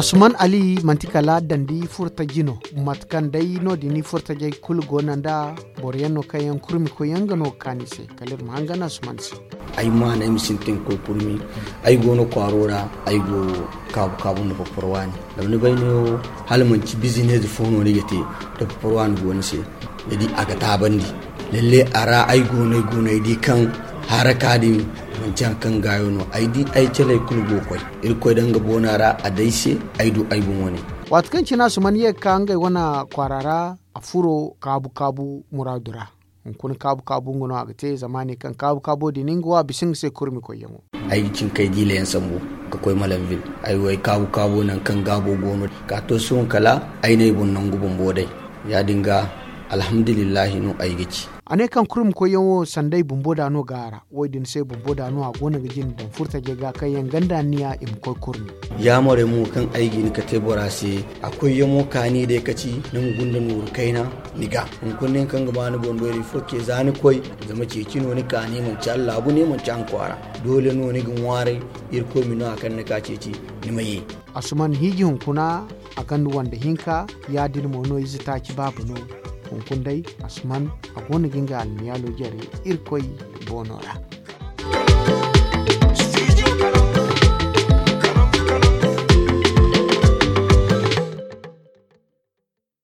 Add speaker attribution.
Speaker 1: asuman ali mantikala dandi furta jino matkan dai no dini furta jai kulgo nanda no kayan kurmi ko kani se kalir mahangana asuman si
Speaker 2: ay mana im sinten ko kurmi ay gono kwarora ay go kabu kabu no porwani da ni bayno halman ci business fono ne yate da porwani goni se da di aga tabandi lalle ara ay gono gono di kan haraka din wancan kan gayo no aidi ai cele kulgo koy ir koy danga bonara a daise aidu aibun
Speaker 1: wani kan cina su maniye ka ngai wana kwarara a furo kabu kabu muradura kun kabu kabu ngono agate zamani kan kabu kabu diningo bisin se kurmi
Speaker 2: ai cin kai dile yan sambu ka koi malamville ai wai kabu kabu nan kan gabo gono ka to sun kala ai ne bun nan gubun bodai ya dinga alhamdulillah no ai gici
Speaker 1: ane kan kurum ko yawo sandai bumbo da no gara din sai bumbo da no a gona jin dan furta ga kai yan ganda niya im ko
Speaker 2: ya more mu kan aigi ni ka te borase akwai yamo kani da kaci nan gundan nur kaina niga in kunnen kan gaba ni bondo ri foke zani koi zama ce kino ni kani mun ci Allah bu ne mun ci an kwara dole no ni ir irko mino akan ni ka ce ci ni mai
Speaker 1: asuman higi kuna akan wanda hinka ya dirmo no izita ki babu no ton kunday asman agonagin ga almiyalo jare irkoi bonora